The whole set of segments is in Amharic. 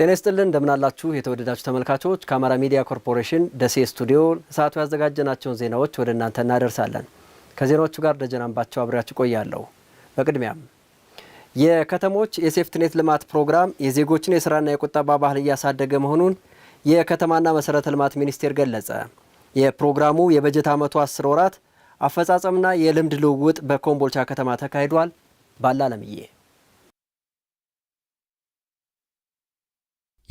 ጤና ይስጥልን እንደምናላችሁ የተወደዳችሁ ተመልካቾች፣ ከአማራ ሚዲያ ኮርፖሬሽን ደሴ ስቱዲዮ ሰዓቱ ያዘጋጀናቸውን ዜናዎች ወደ እናንተ እናደርሳለን። ከዜናዎቹ ጋር ደጀናንባቸው አብሬያችሁ ቆያለሁ። በቅድሚያም የከተሞች የሴፍትኔት ልማት ፕሮግራም የዜጎችን የስራና የቁጠባ ባህል እያሳደገ መሆኑን የከተማና መሰረተ ልማት ሚኒስቴር ገለጸ። የፕሮግራሙ የበጀት ዓመቱ አስር ወራት አፈጻጸምና የልምድ ልውውጥ በኮምቦልቻ ከተማ ተካሂዷል። ባላለምዬ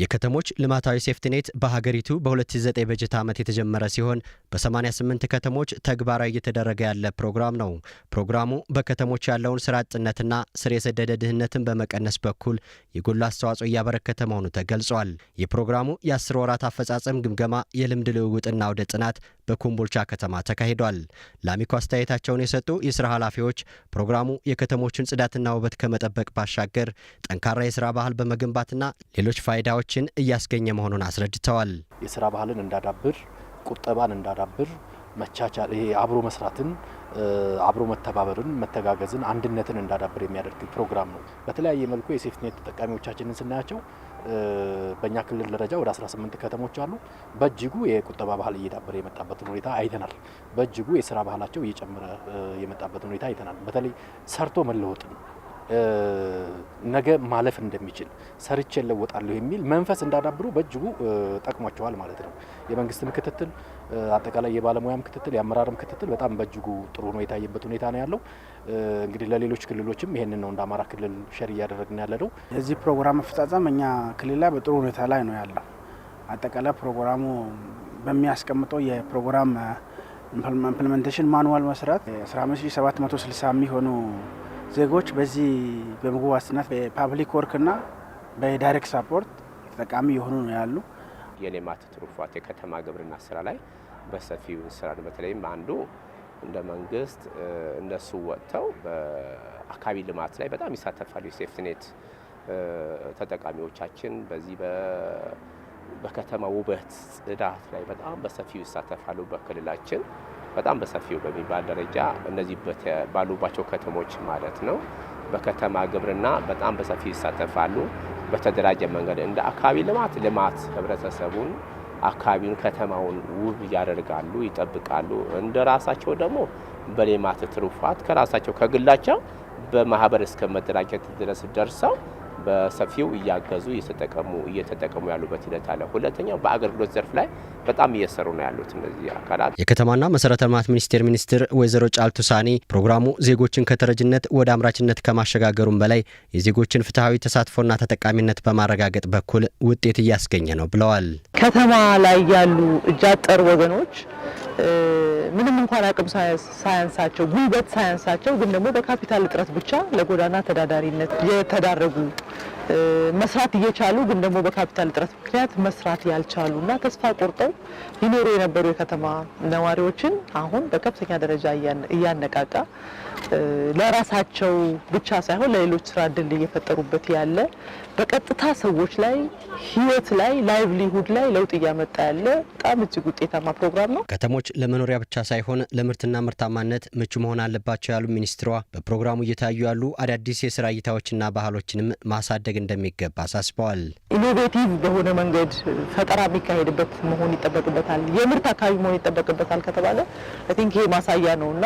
የከተሞች ልማታዊ ሴፍትኔት በሀገሪቱ በ2009 በጀት ዓመት የተጀመረ ሲሆን በ88 ከተሞች ተግባራዊ እየተደረገ ያለ ፕሮግራም ነው። ፕሮግራሙ በከተሞች ያለውን ስራ አጥነትና ስር የሰደደ ድህነትን በመቀነስ በኩል የጎላ አስተዋጽኦ እያበረከተ መሆኑ ተገልጿል። የፕሮግራሙ የአስር ወራት አፈጻጸም ግምገማ፣ የልምድ ልውውጥና ወደ ጥናት በኮምቦልቻ ከተማ ተካሂዷል። ለአሚኮ አስተያየታቸውን የሰጡ የስራ ኃላፊዎች ፕሮግራሙ የከተሞችን ጽዳትና ውበት ከመጠበቅ ባሻገር ጠንካራ የስራ ባህል በመገንባትና ሌሎች ፋይዳዎች ውጤቶችን እያስገኘ መሆኑን አስረድተዋል። የስራ ባህልን እንዳዳብር፣ ቁጠባን እንዳዳብር፣ መቻቻል፣ ይሄ አብሮ መስራትን፣ አብሮ መተባበርን፣ መተጋገዝን፣ አንድነትን እንዳዳብር የሚያደርግ ፕሮግራም ነው። በተለያየ መልኩ የሴፍትኔት ተጠቃሚዎቻችንን ስናያቸው በእኛ ክልል ደረጃ ወደ 18 ከተሞች አሉ። በእጅጉ የቁጠባ ባህል እየዳበረ የመጣበትን ሁኔታ አይተናል። በእጅጉ የስራ ባህላቸው እየጨመረ የመጣበትን ሁኔታ አይተናል። በተለይ ሰርቶ መለወጥን ነገ ማለፍ እንደሚችል ሰርቼ ለወጣለሁ የሚል መንፈስ እንዳዳብሩ በእጅጉ ጠቅሟቸዋል ማለት ነው። የመንግስትም ክትትል፣ አጠቃላይ የባለሙያም ክትትል፣ የአመራርም ክትትል በጣም በእጅጉ ጥሩ ነው የታየበት ሁኔታ ነው ያለው። እንግዲህ ለሌሎች ክልሎችም ይህንን ነው እንደ አማራ ክልል ሸር እያደረግን ያለ ነው። የዚህ ፕሮግራም አፈጻጸም እኛ ክልል ላይ በጥሩ ሁኔታ ላይ ነው ያለው። አጠቃላይ ፕሮግራሙ በሚያስቀምጠው የፕሮግራም ኢምፕሊሜንቴሽን ማኑዋል መሰረት 15760 የሚሆኑ ዜጎች በዚህ በምግብ ዋስትና በፓብሊክ ወርክና በዳይሬክት ሳፖርት ተጠቃሚ የሆኑ ነው ያሉ። የሌማት ትሩፋት የከተማ ግብርና ስራ ላይ በሰፊው እንሰራለን። በተለይም አንዱ እንደ መንግስት እነሱ ወጥተው በአካባቢ ልማት ላይ በጣም ይሳተፋሉ። የሴፍትኔት ተጠቃሚዎቻችን በዚህ በከተማ ውበት ጽዳት ላይ በጣም በሰፊው ይሳተፋሉ በክልላችን በጣም በሰፊው በሚባል ደረጃ እነዚህ ባሉባቸው ከተሞች ማለት ነው በከተማ ግብርና በጣም በሰፊ ይሳተፋሉ። በተደራጀ መንገድ እንደ አካባቢ ልማት ልማት ህብረተሰቡን አካባቢውን ከተማውን ውብ ያደርጋሉ፣ ይጠብቃሉ። እንደ ራሳቸው ደግሞ በሌማት ትሩፋት ከራሳቸው ከግላቸው በማህበር እስከ መደራጀት ድረስ ደርሰው በሰፊው እያገዙ እየተጠቀሙ እየተጠቀሙ ያሉበት ሂደት አለ። ሁለተኛው በአገልግሎት ዘርፍ ላይ በጣም እየሰሩ ነው ያሉት እነዚህ አካላት። የከተማና መሰረተ ልማት ሚኒስቴር ሚኒስትር ወይዘሮ ጫልቱ ሳኒ ፕሮግራሙ ዜጎችን ከተረጅነት ወደ አምራችነት ከማሸጋገሩም በላይ የዜጎችን ፍትሐዊ ተሳትፎና ተጠቃሚነት በማረጋገጥ በኩል ውጤት እያስገኘ ነው ብለዋል። ከተማ ላይ ያሉ እጃጠር ወገኖች ምንም እንኳን አቅም ሳያንሳቸው ጉልበት ሳያንሳቸው ግን ደግሞ በካፒታል እጥረት ብቻ ለጎዳና ተዳዳሪነት የተዳረጉ መስራት እየቻሉ ግን ደግሞ በካፒታል እጥረት ምክንያት መስራት ያልቻሉ እና ተስፋ ቆርጠው ሊኖሩ የነበሩ የከተማ ነዋሪዎችን አሁን በከፍተኛ ደረጃ እያነቃቃ ለራሳቸው ብቻ ሳይሆን ለሌሎች ስራ እድል እየፈጠሩበት ያለ በቀጥታ ሰዎች ላይ ህይወት ላይ ላይቭሊሁድ ላይ ለውጥ እያመጣ ያለ በጣም እጅግ ውጤታማ ፕሮግራም ነው። ከተሞች ለመኖሪያ ብቻ ሳይሆን ለምርትና ምርታማነት ምቹ መሆን አለባቸው ያሉ ሚኒስትሯ በፕሮግራሙ እየታዩ ያሉ አዳዲስ የስራ እይታዎችና ባህሎችንም ማሳደግ እንደሚገባ አሳስበዋል። ኢኖቬቲቭ በሆነ መንገድ ፈጠራ የሚካሄድበት መሆን ይጠበቅበታል፣ የምርት አካባቢ መሆን ይጠበቅበታል ከተባለ አይ ቲንክ ይሄ ማሳያ ነው እና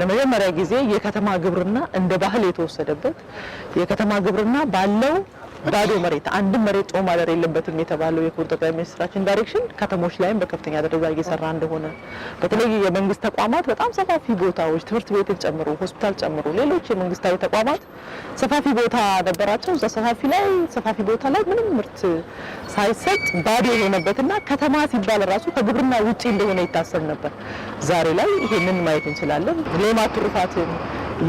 ለመጀመሪያ ጊዜ የከተማ ግብርና እንደ ባህል የተወሰደበት የከተማ ግብርና ባለው ባዶ መሬት አንድም መሬት ጦም ማደር የለበትም የተባለው የክቡር ጠቅላይ ሚኒስትራችን ዳይሬክሽን ከተሞች ላይም በከፍተኛ ደረጃ እየሰራ እንደሆነ በተለይ የመንግስት ተቋማት በጣም ሰፋፊ ቦታዎች ትምህርት ቤትን ጨምሮ ሆስፒታል ጨምሮ ሌሎች የመንግስታዊ ተቋማት ሰፋፊ ቦታ ነበራቸው። እዛ ሰፋፊ ላይ ሰፋፊ ቦታ ላይ ምንም ምርት ሳይሰጥ ባዶ የሆነበትና ከተማ ሲባል ራሱ ከግብርና ውጪ እንደሆነ ይታሰብ ነበር። ዛሬ ላይ ይሄንን ማየት እንችላለን። ሌማት ትሩፋትን፣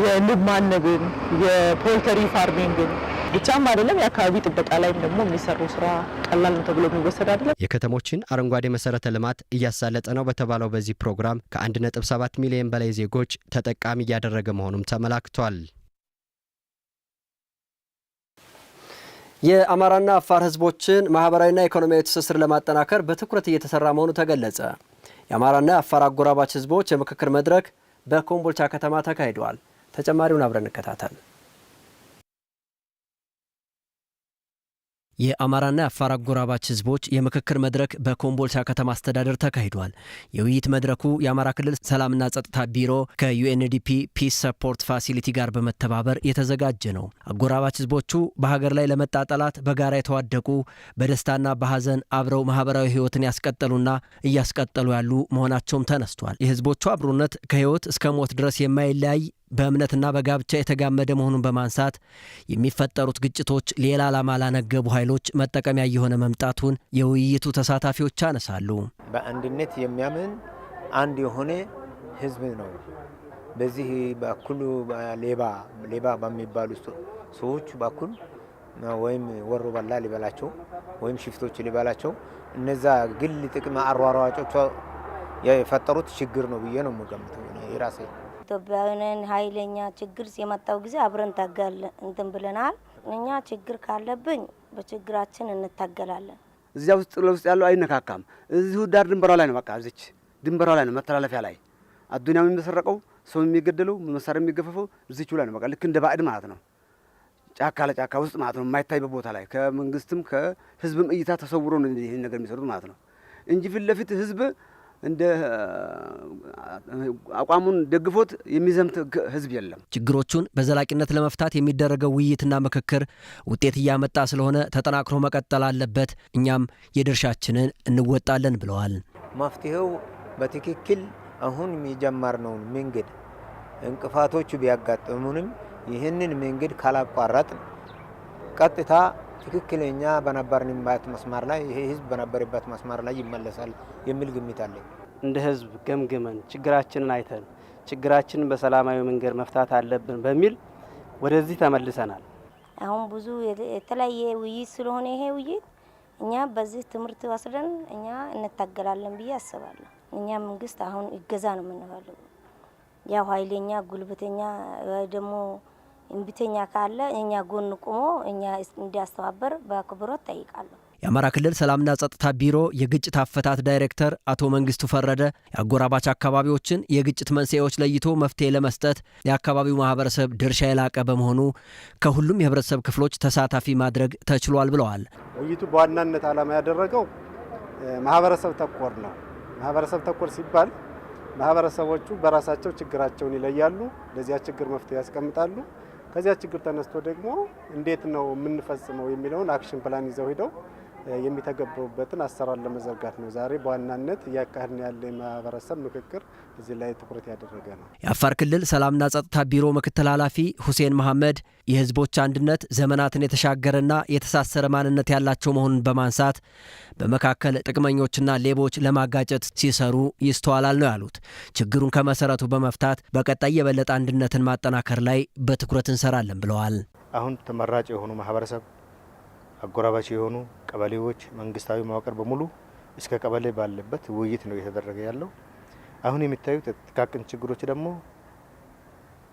የንብ ማነብን፣ የፖልተሪ ፋርሚንግን ብቻም አይደለም የአካባቢ ጥበቃ ላይም ደግሞ የሚሰሩ ስራ ቀላል ነው ተብሎ የሚወሰድ አይደለም። የከተሞችን አረንጓዴ መሰረተ ልማት እያሳለጠ ነው በተባለው በዚህ ፕሮግራም ከ1.7 ሚሊዮን በላይ ዜጎች ተጠቃሚ እያደረገ መሆኑም ተመላክቷል። የአማራና አፋር ህዝቦችን ማህበራዊና ኢኮኖሚያዊ ትስስር ለማጠናከር በትኩረት እየተሰራ መሆኑ ተገለጸ። የአማራና የአፋር አጎራባች ህዝቦች የምክክር መድረክ በኮምቦልቻ ከተማ ተካሂደዋል። ተጨማሪውን አብረን እንከታተል። የአማራና የአፋር አጎራባች ህዝቦች የምክክር መድረክ በኮምቦልቻ ከተማ አስተዳደር ተካሂዷል። የውይይት መድረኩ የአማራ ክልል ሰላምና ጸጥታ ቢሮ ከዩኤንዲፒ ፒስ ሰፖርት ፋሲሊቲ ጋር በመተባበር የተዘጋጀ ነው። አጎራባች ህዝቦቹ በሀገር ላይ ለመጣጠላት በጋራ የተዋደቁ በደስታና በሀዘን አብረው ማህበራዊ ህይወትን ያስቀጠሉና እያስቀጠሉ ያሉ መሆናቸውም ተነስቷል። የህዝቦቹ አብሮነት ከህይወት እስከ ሞት ድረስ የማይለያይ በእምነትና በጋብቻ የተጋመደ መሆኑን በማንሳት የሚፈጠሩት ግጭቶች ሌላ ዓላማ ላነገቡ ኃይሎች መጠቀሚያ እየሆነ መምጣቱን የውይይቱ ተሳታፊዎች አነሳሉ። በአንድነት የሚያምን አንድ የሆነ ህዝብ ነው። በዚህ በኩል ሌባ ሌባ በሚባሉ ሰዎች በኩል ወይም ወሮ በላ ሊበላቸው ወይም ሽፍቶች ሊበላቸው እነዛ ግል ጥቅም አሯሯጮቿ የፈጠሩት ችግር ነው ብዬ ነው የምገምተው የራሴ ኢትዮጵያውያን ኃይለኛ ችግር የመጣው ጊዜ አብረን ታጋለን እንትን ብለናል። እኛ ችግር ካለብኝ በችግራችን እንታገላለን። እዚያ ውስጥ ለውስጥ ያለው አይነካካም። እዚሁ ዳር ድንበሯ ላይ ነው። በቃ እዚች ድንበሯ ላይ ነው፣ መተላለፊያ ላይ አዱኒያም የሚመሰረቀው ሰው የሚገደለው መሳሪያ የሚገፈፈው እዚች ላይ ነው። በቃ ልክ እንደ ባዕድ ማለት ነው፣ ጫካ ለጫካ ውስጥ ማለት ነው፣ የማይታይበት ቦታ ላይ ከመንግስትም ከህዝብም እይታ ተሰውሮ ነው ይህን ነገር የሚሰሩት ማለት ነው እንጂ ፊት ለፊት ህዝብ እንደ አቋሙን ደግፎት የሚዘምት ህዝብ የለም። ችግሮቹን በዘላቂነት ለመፍታት የሚደረገው ውይይትና ምክክር ውጤት እያመጣ ስለሆነ ተጠናክሮ መቀጠል አለበት፣ እኛም የድርሻችንን እንወጣለን ብለዋል። መፍትሄው በትክክል አሁን ነውን መንገድ እንቅፋቶቹ ቢያጋጥሙንም ይህንን መንገድ ካላቋረጥ ቀጥታ ትክክለኛ በነበርንበት መስመር ላይ ይሄ ህዝብ በነበረበት መስመር ላይ ይመለሳል የሚል ግምት አለ። እንደ ህዝብ ገምግመን ችግራችንን አይተን ችግራችንን በሰላማዊ መንገድ መፍታት አለብን በሚል ወደዚህ ተመልሰናል። አሁን ብዙ የተለያየ ውይይት ስለሆነ ይሄ ውይይት እኛ በዚህ ትምህርት ወስደን እኛ እንታገላለን ብዬ አስባለሁ። እኛ መንግስት አሁን ይገዛ ነው የምንፈልገው። ያው ኃይለኛ ጉልበተኛ ደግሞ እምቢተኛ ካለ እኛ ጎን ቁሞ እኛ እንዲያስተባበር በአክብሮት ጠይቃለሁ። የአማራ ክልል ሰላምና ጸጥታ ቢሮ የግጭት አፈታት ዳይሬክተር አቶ መንግስቱ ፈረደ የአጎራባች አካባቢዎችን የግጭት መንስኤዎች ለይቶ መፍትሄ ለመስጠት የአካባቢው ማህበረሰብ ድርሻ የላቀ በመሆኑ ከሁሉም የህብረተሰብ ክፍሎች ተሳታፊ ማድረግ ተችሏል ብለዋል። ውይይቱ በዋናነት ዓላማ ያደረገው ማህበረሰብ ተኮር ነው። ማህበረሰብ ተኮር ሲባል ማህበረሰቦቹ በራሳቸው ችግራቸውን ይለያሉ፣ ለዚያ ችግር መፍትሄ ያስቀምጣሉ። ከዚያ ችግር ተነስቶ ደግሞ እንዴት ነው የምንፈጽመው የሚለውን አክሽን ፕላን ይዘው ሄደው የሚተገብሩበትን አሰራር ለመዘርጋት ነው። ዛሬ በዋናነት እያካሄድን ያለ የማህበረሰብ ምክክር እዚህ ላይ ትኩረት ያደረገ ነው። የአፋር ክልል ሰላምና ጸጥታ ቢሮ ምክትል ኃላፊ ሁሴን መሐመድ የህዝቦች አንድነት ዘመናትን የተሻገረና የተሳሰረ ማንነት ያላቸው መሆኑን በማንሳት በመካከል ጥቅመኞችና ሌቦች ለማጋጨት ሲሰሩ ይስተዋላል ነው ያሉት። ችግሩን ከመሰረቱ በመፍታት በቀጣይ የበለጠ አንድነትን ማጠናከር ላይ በትኩረት እንሰራለን ብለዋል። አሁን ተመራጭ የሆኑ ማህበረሰብ አጎራባች የሆኑ ቀበሌዎች፣ መንግስታዊ መዋቅር በሙሉ እስከ ቀበሌ ባለበት ውይይት ነው እየተደረገ ያለው። አሁን የሚታዩት ጥቃቅን ችግሮች ደግሞ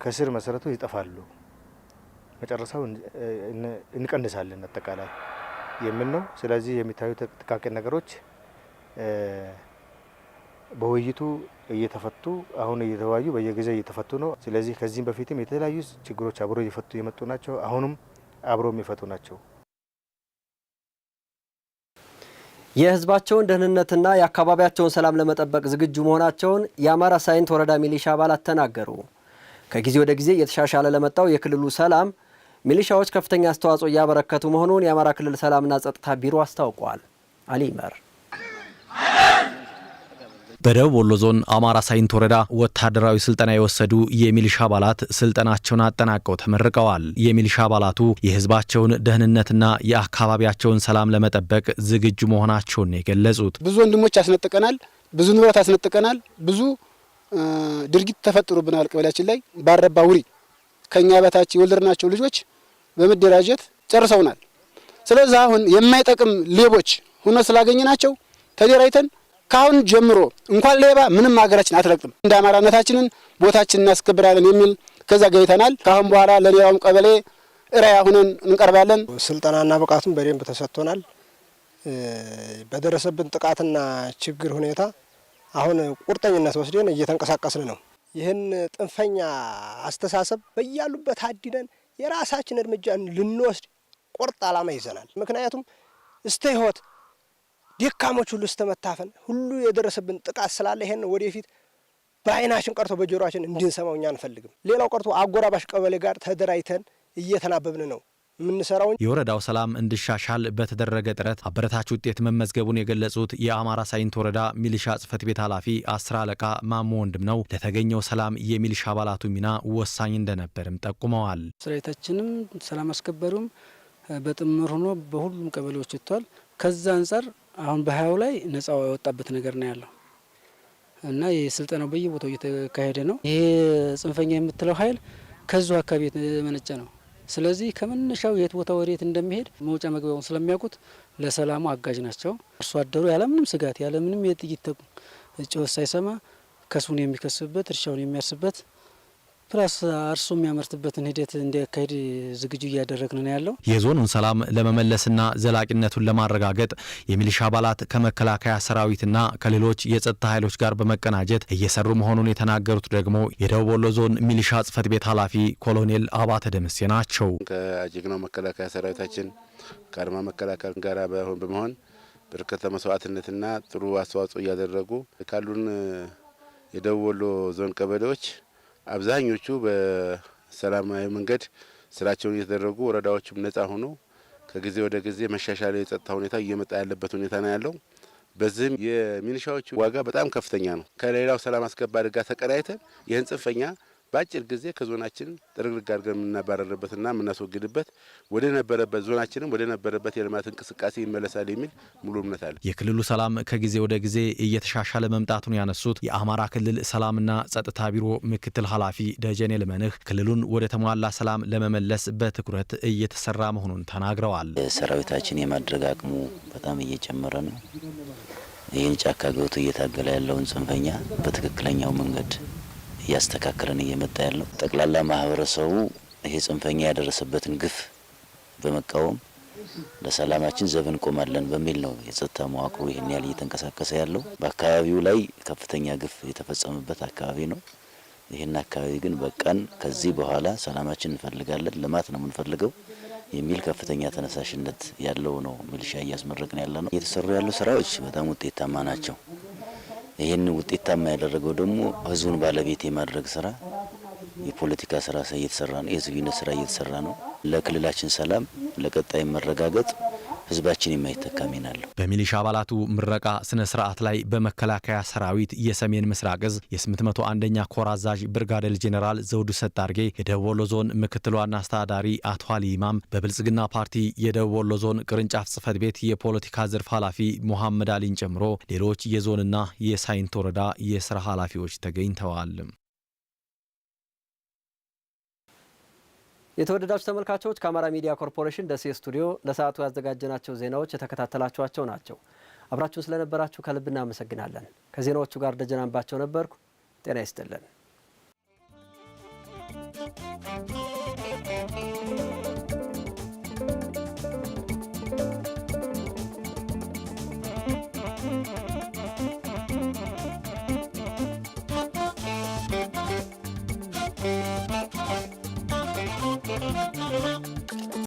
ከስር መሰረቱ ይጠፋሉ፣ መጨረሻው እንቀንሳለን አጠቃላይ የምን ነው። ስለዚህ የሚታዩት ጥቃቅን ነገሮች በውይይቱ እየተፈቱ አሁን እየተወያዩ በየጊዜ እየተፈቱ ነው። ስለዚህ ከዚህም በፊትም የተለያዩ ችግሮች አብሮ እየፈቱ የመጡ ናቸው። አሁንም አብሮ የሚፈቱ ናቸው። የህዝባቸውን ደህንነትና የአካባቢያቸውን ሰላም ለመጠበቅ ዝግጁ መሆናቸውን የአማራ ሳይንት ወረዳ ሚሊሻ አባላት ተናገሩ። ከጊዜ ወደ ጊዜ እየተሻሻለ ለመጣው የክልሉ ሰላም ሚሊሻዎች ከፍተኛ አስተዋጽኦ እያበረከቱ መሆኑን የአማራ ክልል ሰላምና ጸጥታ ቢሮ አስታውቋል። አሊመር በደቡብ ወሎ ዞን አማራ ሳይንት ወረዳ ወታደራዊ ስልጠና የወሰዱ የሚሊሻ አባላት ስልጠናቸውን አጠናቀው ተመርቀዋል። የሚሊሻ አባላቱ የህዝባቸውን ደህንነትና የአካባቢያቸውን ሰላም ለመጠበቅ ዝግጁ መሆናቸውን ነው የገለጹት። ብዙ ወንድሞች አስነጥቀናል፣ ብዙ ንብረት አስነጥቀናል፣ ብዙ ድርጊት ተፈጥሮብናል። ቀበሌያችን ላይ ባረባ ውሪ ከእኛ በታች የወለድናቸው ልጆች በመደራጀት ጨርሰውናል። ስለዚህ አሁን የማይጠቅም ሌቦች ሆኖ ስላገኘናቸው ተደራጅተን ከአሁን ጀምሮ እንኳን ሌባ ምንም ሀገራችን አትረቅም፣ እንደ አማራነታችንን ቦታችን እናስከብራለን የሚል ከዛ ገይተናል። ከአሁን በኋላ ለሌላውም ቀበሌ እራያ ሁነን እንቀርባለን። ስልጠናና ብቃቱን በደንብ ተሰጥቶናል። በደረሰብን ጥቃትና ችግር ሁኔታ አሁን ቁርጠኝነት ወስደን እየተንቀሳቀስን ነው። ይህን ጥንፈኛ አስተሳሰብ በያሉበት አዲነን የራሳችን እርምጃ ልንወስድ ቁርጥ ዓላማ ይዘናል። ምክንያቱም እስተ ህይወት ደካሞች ሁሉ እስተመታፈን ሁሉ የደረሰብን ጥቃት ስላለ ይሄን ወደፊት በአይናችን ቀርቶ በጆሮችን እንድንሰማው እኛ አንፈልግም። ሌላው ቀርቶ አጎራባሽ ቀበሌ ጋር ተደራጅተን እየተናበብን ነው የምንሰራው። የወረዳው ሰላም እንዲሻሻል በተደረገ ጥረት አበረታች ውጤት መመዝገቡን የገለጹት የአማራ ሳይንት ወረዳ ሚሊሻ ጽህፈት ቤት ኃላፊ አስር አለቃ ማሞ ወንድም ነው ለተገኘው ሰላም የሚሊሻ አባላቱ ሚና ወሳኝ እንደነበርም ጠቁመዋል። ስራዊታችንም ሰላም አስከበሩም በጥምር ሆኖ በሁሉም ቀበሌዎች ወጥቷል። ከዛ አንጻር አሁን በሀያው ላይ ነጻው ያወጣበት ነገር ነው ያለው እና የስልጠናው በየቦታው እየተካሄደ ነው። ይሄ ጽንፈኛ የምትለው ኃይል ከዙ አካባቢ የተመነጨ ነው። ስለዚህ ከመነሻው የት ቦታ ወዴት እንደሚሄድ መውጫ መግቢያውን ስለሚያውቁት ለሰላሙ አጋዥ ናቸው። አርሶ አደሩ ያለምንም ስጋት ያለምንም የጥይት ጩኸት ሳይሰማ ከሱን የሚከስብበት እርሻውን የሚያርስበት ፕላስ አርሶ የሚያመርትበትን ሂደት እንዲያካሄድ ዝግጁ እያደረግን ነው ያለው። የዞኑን ሰላም ለመመለስና ዘላቂነቱን ለማረጋገጥ የሚሊሻ አባላት ከመከላከያ ሰራዊትና ከሌሎች የጸጥታ ኃይሎች ጋር በመቀናጀት እየሰሩ መሆኑን የተናገሩት ደግሞ የደቡብ ወሎ ዞን ሚሊሻ ጽፈት ቤት ኃላፊ ኮሎኔል አባተ ደምሴ ናቸው። ከጀግናው መከላከያ ሰራዊታችን ከአድማ መከላከል ጋር በመሆን በርከተ መስዋዕትነትና ጥሩ አስተዋጽኦ እያደረጉ ካሉን የደቡብ ወሎ ዞን ቀበሌዎች አብዛኞቹ በሰላማዊ መንገድ ስራቸውን እየተደረጉ ወረዳዎችም ነጻ ሆኖ ከጊዜ ወደ ጊዜ መሻሻል የጸጥታ ሁኔታ እየመጣ ያለበት ሁኔታ ነው ያለው። በዚህም የሚሊሻዎች ዋጋ በጣም ከፍተኛ ነው። ከሌላው ሰላም አስከባሪ ጋር ተቀናይተን ይህን ጽንፈኛ በአጭር ጊዜ ከዞናችን ጥርግርግ አድርገን የምናባረርበትና የምናስወግድበት ወደ ነበረበት ዞናችንም ወደ ነበረበት የልማት እንቅስቃሴ ይመለሳል የሚል ሙሉ እምነት አለ። የክልሉ ሰላም ከጊዜ ወደ ጊዜ እየተሻሻለ መምጣቱን ያነሱት የአማራ ክልል ሰላምና ጸጥታ ቢሮ ምክትል ኃላፊ ደጀኔ ልመንህ ክልሉን ወደ ተሟላ ሰላም ለመመለስ በትኩረት እየተሰራ መሆኑን ተናግረዋል። ሰራዊታችን የማድረግ አቅሙ በጣም እየጨመረ ነው። ይህን ጫካ ገብቶ እየታገለ ያለውን ጽንፈኛ በትክክለኛው መንገድ እያስተካከለን እየመጣ ያለው ጠቅላላ ማህበረሰቡ ይሄ ጽንፈኛ ያደረሰበትን ግፍ በመቃወም ለሰላማችን ዘብ እንቆማለን በሚል ነው የጸጥታ መዋቅሩ ይህን ያህል እየተንቀሳቀሰ ያለው። በአካባቢው ላይ ከፍተኛ ግፍ የተፈጸመበት አካባቢ ነው። ይህን አካባቢ ግን በቃን፣ ከዚህ በኋላ ሰላማችን እንፈልጋለን፣ ልማት ነው የምንፈልገው የሚል ከፍተኛ ተነሳሽነት ያለው ነው ሚሊሻ እያስመረቅን ያለ ነው። እየተሰሩ ያሉ ስራዎች በጣም ውጤታማ ናቸው። ይህን ውጤታማ ያደረገው ደግሞ ህዝቡን ባለቤት የማድረግ ስራ የፖለቲካ ስራ እየተሰራ ነው። የህዝብነት ስራ እየተሰራ ነው። ለክልላችን ሰላም ለቀጣይ መረጋገጥ ህዝባችን የማይተካ ሚና አለው። በሚሊሻ አባላቱ ምረቃ ስነ ስርዓት ላይ በመከላከያ ሰራዊት የሰሜን ምስራቅ እዝ የ801ኛ ኮር አዛዥ ብርጋዴር ጄኔራል ዘውዱ ሰጣርጌ፣ የደቡብ ወሎ ዞን ምክትል ዋና አስተዳዳሪ አቶ አሊ ኢማም፣ በብልጽግና ፓርቲ የደቡብ ወሎ ዞን ቅርንጫፍ ጽህፈት ቤት የፖለቲካ ዘርፍ ኃላፊ ሙሐመድ አሊን ጨምሮ ሌሎች የዞንና የሳይንት ወረዳ የስራ ኃላፊዎች ተገኝተዋል። የተወደዳችሁ ተመልካቾች ከአማራ ሚዲያ ኮርፖሬሽን ደሴ ስቱዲዮ ለሰዓቱ ያዘጋጀናቸው ዜናዎች የተከታተላችኋቸው ናቸው። አብራችሁን ስለነበራችሁ ከልብ እናመሰግናለን። ከዜናዎቹ ጋር ደጀናንባቸው ነበርኩ። ጤና ይስጥልን።